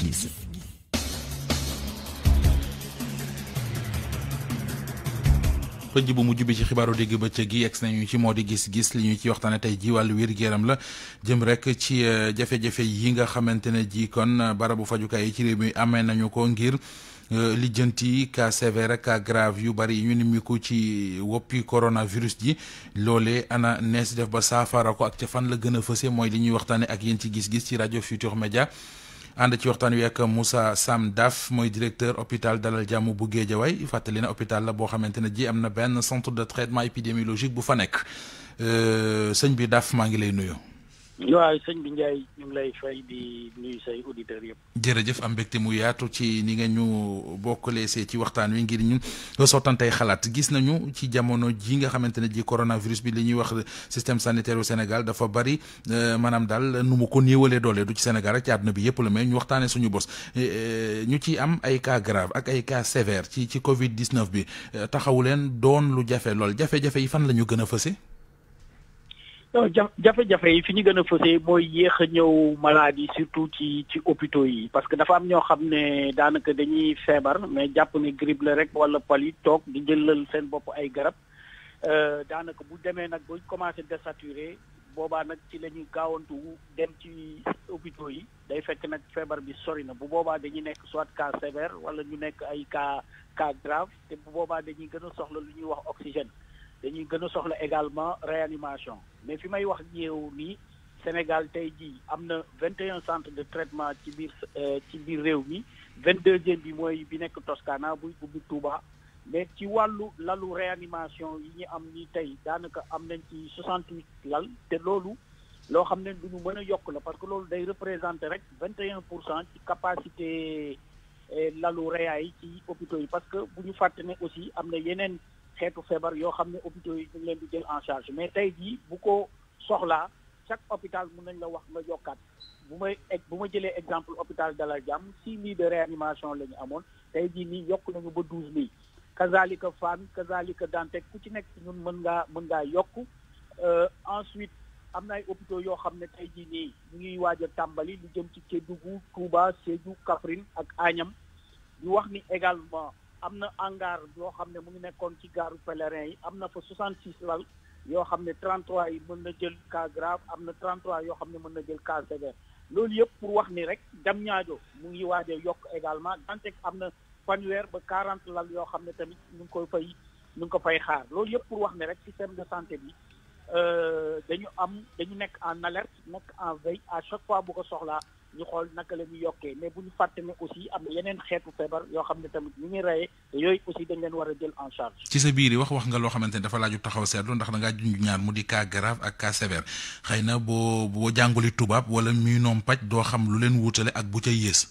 guise. bu mu bi ci xibaaru digg bëccëg yi egsi nañu ci moo di gis-gis li ñu ci waxtaane tey ji wàllu wér géram la jëm rek ci euh, jafe-jafe yi nga xamante ne ji kon barabu fajukaay yi ci réew mi amee nañu ko ngir euh, lijjanti cas sévère cas grave yu bari yi ñu nimiku ci woppi coronavirus ji loole ana nees def ba saafara ko ak ca fan la gën a fëse mooy li ñuy waxtaane ak yéen ci gis-gis ci rajo Futur Média ànd ci waxtaan wi musa Moussa Sam Daf mooy directeur hôpital Dalal Jàmm bu Géejawaay fàttali na hôpital la boo xamante ne ji am na benn centre de traitement épidémiologique bu fa nekk euh, sëñ bi Daf maa ngi lay nuyu. waaw sëñ bi Ndiaye ñu ngi lay fay auditeurs yëpp. jërëjëf am mbégte mu yaatu ci ni nga ñu bokkalee see ci waxtaan wi ngir ñu sottantey xalaat gis nañu ci jamono ji nga xamante ne ji coronavirus bi li ñuy wax système sanitaire au Sénégal dafa bari euh, maanaam daal nu mu ko néewalee doole du ci Sénégal ak ci àdduna bi yëpp la mais ñu waxtaanee suñu bos euh, euh, ñu ci am ay cas grave ak ay cas sévère ci ci Covid 19 bi taxawu leen doon lu jafe lool jafe-jafe yi fan la ñu gën a fëse non jafe-jafe yi fi ñu gën a fësee mooy yéex a ñëw malade yi surtout ci ci hôpitaux yi parce que dafa am ñoo xam ne daanaka dañuy feebar mais jàpp ne grippe la rek wala pali toog di jëlal seen bopp ay garab euh, daanaka bu demee nag ba commencé désaturé boobaa nag ci la ñuy gaawantu dem ci hôpitaux yi day fekk nag feebar bi sori na bu boobaa dañuy nekk soit cas sévère wala ñu nekk ay cas cas te bu boobaa dañuy gën a soxla lu ñuy wax oxygène dañuy gën a soxla également réanimation mais fi may wax ñëw nii Sénégal tey jii am na 21 centres de traitement ci biir euh, ci biir réew mi 22e bi mooy bi nekk Toscana bu ubbi Touba mais ci wàllu lalu réanimation yi ñu am ni tey daanaka am nañ ci 68 lal te loolu loo xam ne du ñu mën a yokk la parce que loolu day représenter rek 21 pour cent ci capacité euh, lalu réa yi ci hôpitaux yi parce que bu ñu fàtte ne aussi am na yeneen xeetu feebar yoo xam ne hôpitaux yi ñu ngi leen di jël en charge mais tey jii bu ko soxlaa chaque hôpital mun nañ la wax nga yokkaat bu may bu ma jëlee exemple hôpital Dalal Jàmm si lits de réanimation la ñu amoon tey jii nii yokk nañu ba douze lits kazalika Fann kazalika Dantec ku ci nekk ñun mën ngaa mën ngaa yokk euh, ensuite am na ay hôpitaux yoo xam ne tey jii nii ñu ngi waaj a tàmbali lu jëm ci Kédougou Touba Sédhiou Kaffrine ak aañam ñu wax ni également am na hangar yoo xam ne mu ngi nekkoon ci gaaru pèlerin yi am na fa 66 lal yoo xam ne 33 yi mën na jël cas grave am na 33 yoo xam ne mën na jël cas sévère loolu yëpp pour wax ni rek jam ñaajo mu ngi waajee yokk également Dantec am na fanweer ba 40 lal yoo xam ne tamit ñu ngi koy fay ñu ngi ko fay xaar loolu yëpp pour wax ne rek système de santé bi euh, dañu am dañu nekk en alerte nekk en veille à chaque fois bu ko soxlaa ñu xool naka la ñu yokkee mais bu ñu fàtte ne aussi am na yeneen xeetu feebar yoo xam ne tamit ñu ngi reyee te yooyu aussi dañ leen war a jël en charge. ci sa biir yi wax wax nga loo xamante ne dafa laaju taxaw seetlu ndax da ngaa junj ñaar mu di cas grave ak cas sévère xëy na boo boo jànguli tubaab wala muy noom paj doo xam lu leen wuutale ak bu ca yées.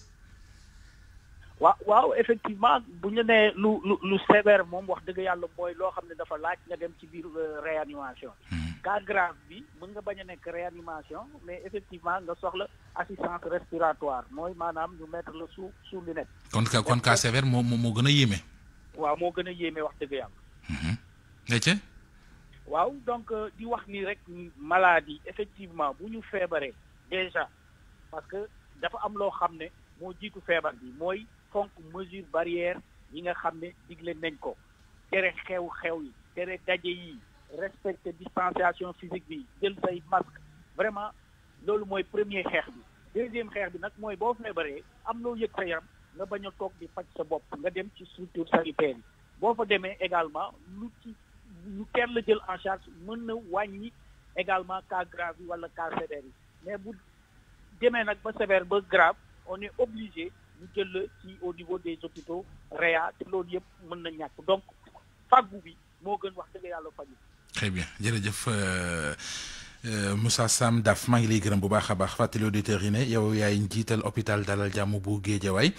waaw waaw effectivement bu ñu nee lu lu lu sévère moom wax dëgg yàlla mooy loo xam ne dafa laaj nga dem ci biir euh, réanimation hmm. cas grave bi mën nga bañ a nekk réanimation mais effectivement nga soxla assistance respiratoire mooy maanaam ñu mettre la sous sous lunette kon ka kon cas sévère moo moo gën a yéeme waaw moo gën a yéeme wax dëgg yàlla hmm. waaw donc euh, di wax nii rek maladie effectivement bu ñu feebaree déjà parce que dafa am loo xam ne moo jiitu feebar bi mooy fonk mesure barrière yi nga xam ne digle nañ ko tere xew-xew yi tere daje yi respecter distanciation physique bi jël say masque vraiment loolu mooy premier xeex bi deuxième xeex bi nag mooy boo feebaree am loo yëg sa yaram nga bañ a toog di faj sa bopp nga dem ci structure sanitaire yi boo fa demee également lu ci lu kenn la jël en charge mën na wàññi également cas grave yi wala cas sévère yi mais bu demee nag ba sévère ba grave on est obligé ñu jël la ci au niveau des hôpitaux réa te loolu yëpp mën na ñàkk donc faggu bi moo gën wax dëgg yàlla faju très bien jërëjëf euh, euh, Moussa Sam Daf maa ngi lay gërëm bu baax a baax fàttali auditeurs yi ne yow yaay njiital hôpital Dalal Jàmm bu Géejawaay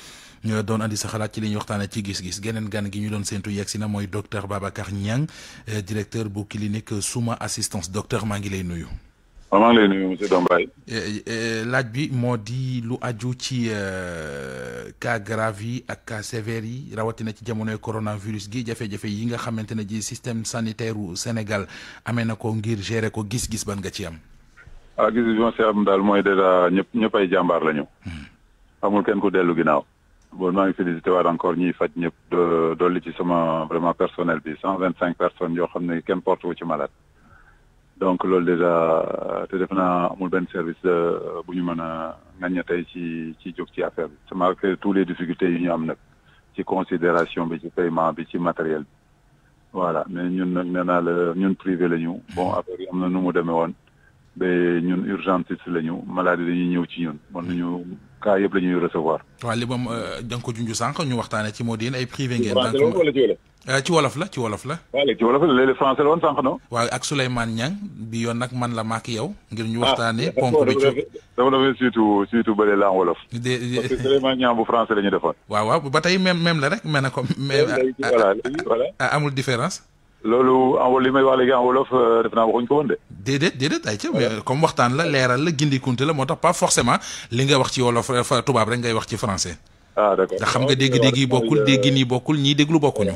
ñu doon andi sa xalaat ci li ñuy waxtaanee ci gis-gis geneen gan gi ñu doon séntu yegg si na mooy docteur Babacar Niang euh, directeur bu clinique Souma assistance docteur maa ngi lay nuyu maa ngi lay nuyu monsieur Dombay. laaj bi moo di lu aju ci cas gravi ak cas sévères rawati na ci jamonoy coronavirus gi jafé jafé yi nga xamante ji système sanitaire u Sénégal amé na ko ngir gérer ko gis-gis ban nga ci am. ah gis-gis bi ma si am daal mooy dèjà ñëpp ñëpp ay jàmbaar hmm. amul kenn ko dellu ginaaw bon maa ngi félicité waat encore ñiy faj ñëpp dolli ci sama vraiment personnel bi 125 personnes yo xamné ne kenn porte wu ci malade donc loolu déjà euh, té def naa amul benn service euh, bu ñu mën a ŋaññe tey ci ci jóg ci affaire bi. c'est malgré tous les difficultés yi ñu am nag ci considération bi ci paiement bi ci matériel bi voilà mais ñun nag nee naa la ñun privé la ñu bon affaire yi am na nu mu demee woon ba ñun urgentiste la ñu maladie dañuy ñëw ci ñun mën nañu cas yëpp la ñuy recevoir. waaw li moom euh, da nga ko junj sànq ñu waxtaanee ci moo di ay privé ngeen. Euh, ci wolof la ci wolof la. waaw ci wolof la léeg-léeg français la woon sànq non. waaw ak Souleymane Niang bi yoon nag man la maak yow. ngir ñu ah, waxtaanee ponk bi. dafa dafa surtout surtout la en wolof. de parce bu français la ñu defoon. waaw waaw ba tey même même la rek mel na ko. voilà amul différence. loolu li may wax léegi en wolof euh, def naa waxuñ ko woon de. déedéet déedéet ay ca comme waxtaan la leeral la gindikunte la moo tax pas forcément li nga wax ci wolof euh, tubaab rek ngay wax ci français. ah d'accord ndax xam nga dégg-dégg yi bokkul dégg nii bokkul ñii déglu bokkuñu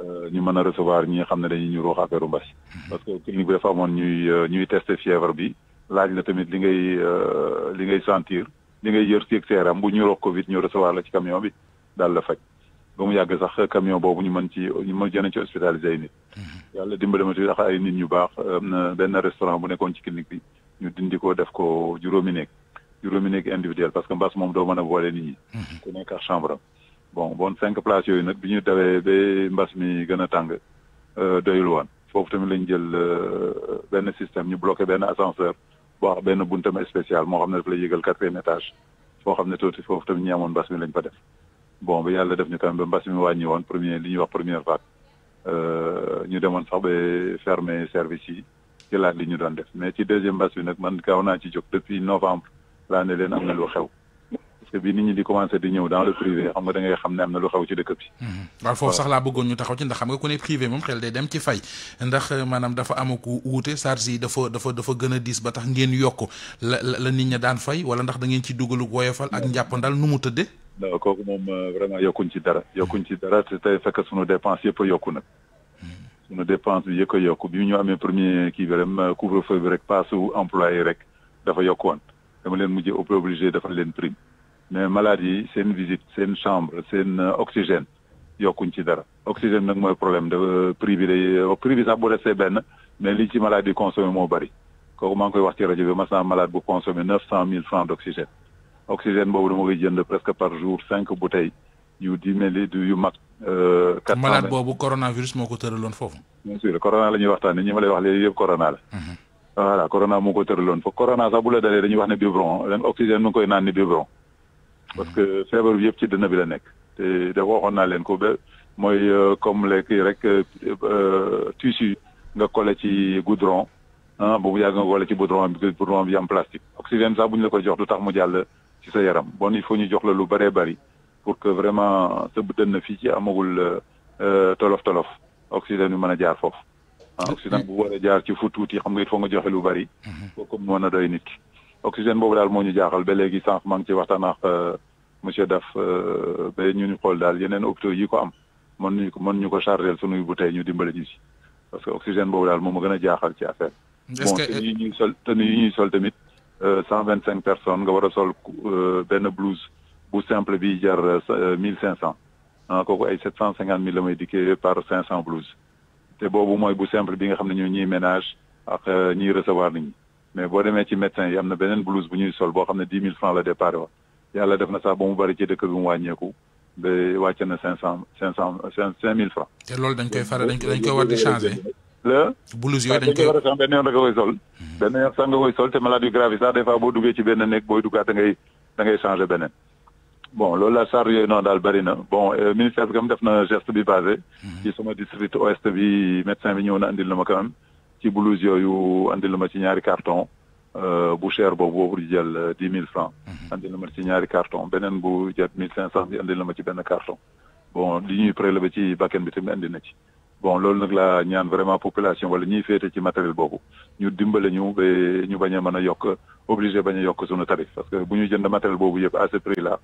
Euh, ñu mën a recevoir ñi nga xam ne dañuy ñu ruux affaire mbas mhm. parce que clinique bi dafa amoon ñuy euh, ñuy tester bi laaj la tamit li ngay euh, li ngay sentir li ngay yër ci sa yaram bu ñu rox Covid ñu recevoir la ci camion bi daal la faj ba mu yàgg sax camion boobu ñu man ci ñu mën jëne ci hospitalisé ay nit mhm. yàlla dimbali ma ci sax ay nit ñu baax am na benn restaurant bu nekkoon ci clinique bi ñu dindi ko def ko juróomi néeg juróomi néeg individuel parce que mbas moom doo mën a boole nit ñi mhm. ku bon bon cinq places yooyu nag bi ñu dawee ba mbas mi gën a tàng euh, doyul woon foofu tamit lañ jël euh, benn système ñu bloqué benn ascenseur boo xam benn buntam spécial moo xam ne daf lay yëgal quatrième étage foo xam ne tuuti foofu tamit ñi amoon mbas mi lañ fa def bon ba yàlla def ñu tamit ba mbas mi wàññi woon premier li ñuy wax première vague euh, ñu demoon sax ba fermé service yi jëlaat li ñu doon def mais ci deuxième mbas bi nag man gaaw naa ci jóg depuis novembre laa ne leen am na lu xew te bi nit ñi di commencé di ñëw dans le privé xam nga da ngay xam ne am na lu xaw ci dëkk bi. Mhm. waaw foofu sax laa bëggoon ñu taxaw ci ndax xam nga ku ne privé moom xel day dem ci fay ndax euh, maanaam dafa am ku wuute charge yi dafa dafa dafa gën a diis ba tax ngeen yokk la la nit ña daan fay wala ndax da ngeen ci dugalu woyofal ak njàppandal nu mu tëddee. non kooku moom euh, vraiment yokkuñ ci dara. yokkuñ ci dara te tey fekk sunu dépense yëpp a yokku nag. Mhm. sunu dépense bi yëpp a yokku bi ñu amee premier kii bi rek couvre-feu bi rek passe employé rek dafa yokku woon dama leen mujjee obligé dafa leen prime mais maladie, c'est une visite c'est une chambre un euh, oxygène oxygène nak problème de privé, de privé mais li ci malade consommer koy wax ci francs d'oxygène. oxygène bobu presque par jour cinq bouteilles yu di euh, malade le coronavirus moko teurelon bien sûr corona coronavirus, ma mhm. voilà corona corona dañuy ne oxygène mu parce que feebar bi ci dënn bi la nekk te da waxoon naa leen ko ba mooy euh, comme les kii rek euh, tissu nga collé ci goudron ah bu mu yàgg nga collé ci goudron bi goudron bi am plastique oxygène sax bu ñu la ko jox du tax mu jàll ci sa yaram bon il faut ñu jox la lu bëree bëri pour que vraiment sa dënn fii ci amagul euh, tolof tolof oxygène bi mën a jaar foofu ah oxygène bu war a jaar ci fu tuuti xam nga il faut nga joxe lu bëri. Mhm. kooku mën a doy nit ki. oxygène boobu daal moo ñu jaaxal ba léegi sànq maa ngi ci waxtaan ak euh, monsieur Daf euh, ba ñu nu xool daal yeneen hôpitaux yi ko am mën ñu ko mën ñu ko chargé sunuy bouteilles ñu dimbale ñu si parce que oxygène boobu daal moom a gën a jaaxal ci affaire bon tenue yi ñuy sol tenue yi ñuy sol tamit euh, cent vingt cinq personnes nga war a sol benn blouse bu simple bi jar mille cinq cent ah kooku ay sept cent cinquante mille la may dikkee par cinq cent blouse te boobu mooy bu simple bi nga xam ne ñu ñuy ménage ak ñiy recevoir nit ñi mais boo demee ci médecin yi am na beneen blouse bu ñuy sol boo xam ne dix mille francs la départ wa yàlla def na sax ba mu bari ci dëkk bi mu wàññeeku ba wàcce na cinq cent cinq cent cinq mille francs te loolu dañ koy faral dañ koy war di changer la blouse yooyu ah, dañ koy war a changer benn yoon nga koy sol hmm. benn yoon sax nga koy sol te maladie grave yi sax des fois boo duggee ci benn néeg booy duggaat da ngay da ngay changer beneen bon loolu la charge yooyu noonu daal bëri na bon euh, ministère bi def na geste bi basé hmm. ci sama district ouest bi médecin bi ñëw na andil na ma quand même ci blouse yooyu andil ma ci ñaari carton euh, bu cher boobu boobu di jël euh, dix mille francs mhm. andil ma ci ñaari carton beneen bu jot mille cinq cent bi andil ma ci benn carton bon li ñuy prélevé ci bakken bi tamit andi na ci bon loolu nag laa ñaan vraiment population wala ñuy féete ci matériel boobu ñu dimbale ñu ba ñu bañ a mën a yokk obligé bañ a yokk suñu tarif parce que bu ñu jënd matériel boobu yëpp à ce prix là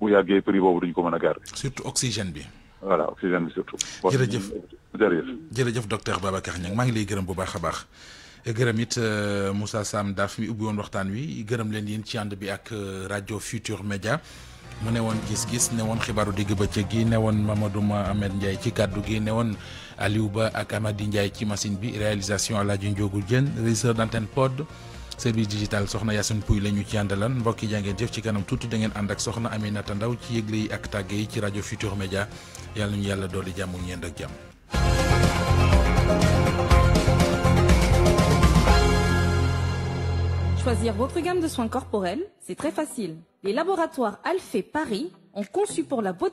bu yàggee prix boobu duñ ko mën a garder surtout oxygène bi voilà oxygène bi surtout. jërëjëf jërëjëf jërëjëf docteur Babacar Niang maa ngi lay gërëm bu baax a baax. gërëm it euh, Moussa Sam daf mi ubbi woon waxtaan wi gërëm leen yéen ci ànd bi ak euh, radio future Média mu ne woon gis-gis ne woon xibaaru digg bëccëg gi ne woon Mamadou Mohamed Ndiaye ci kàddu gi ne woon Aliou Ba ak Amady Ndiaye ci machine bi réalisation El Hadj Ndiogou Diène régisseur d'antenne pod service digital soxna Yacine Pouy la ñu ci andalan mbokk yi jàngeen jëf ci kanam tuuti da ngeen ànd ak soxna Aminata Ndaw ci yëgle ak tàgge ci radio Futur media yalla ñu yalla doli jàmm ñeent ak jàmm. Choisir votre gamme de soins corporels, c'est très facile. Les laboratoires Alphée Paris ont conçu pour la beauté